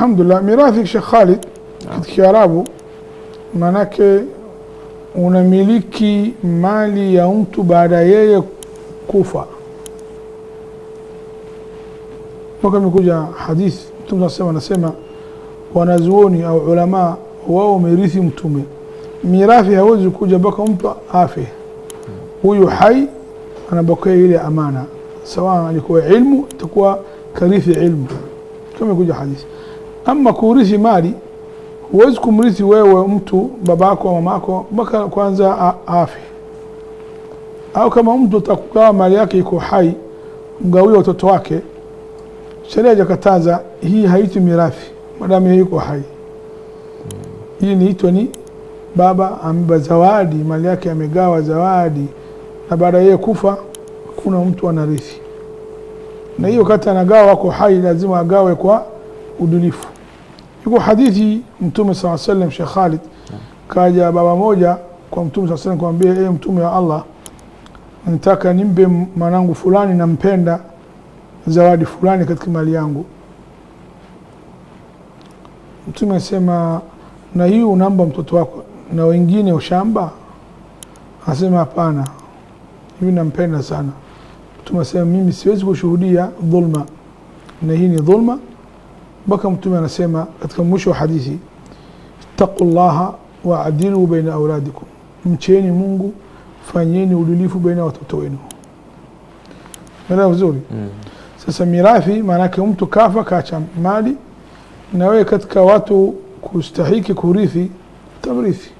Alhamdulillah, mirathi Sheikh Khalid katika Kiarabu manake unamiliki mali ya mtu baada yeye kufa. Mpaka imekuja hadithi Mtume anasema anasema wanazuoni au ulamaa wao wamerithi Mtume, mirathi hawezi kuja mpaka mtu afe. Huyu hai anapokea ile amana, sawa alikuwa ilmu, itakuwa karithi ilmu, kama imekuja hadithi ama kurithi mali, huwezi kumrithi wewe mtu babako au mamako mpaka kwanza afi, au kama mtu atakugawa mali yake iko hai, mgawie watoto wake, sheria jakataza hii, haiti mirathi madamu yuko hai. Hii niitwa ni baba ameba zawadi mali yake, amegawa zawadi, na baada yeye kufa kuna mtu anarithi, na hiyo kati anagawa wako hai, lazima agawe kwa udunifu. Yuko hadithi Mtume saa sallam, Sheikh Khalid kaja baba moja kwa Mtume saa sallam kumwambia, ee Mtume wa Allah, nataka nimpe mwanangu fulani nampenda zawadi fulani katika mali yangu. Mtume asema, na hii unampa mtoto wako na wengine ushamba? Asema hapana, hii nampenda sana. Mtume asema, mimi siwezi kushuhudia dhulma, na hii ni dhulma mpaka Mtume anasema katika mwisho wa hadithi, ittaqu llaha waadilu baina auladikum, mcheni Mungu, fanyeni udilifu baina watoto wenu. Unaelewa vizuri mm. Sasa mirathi maana yake mtu kafa kaacha mali, na wewe katika watu kustahiki kurithi tamrithi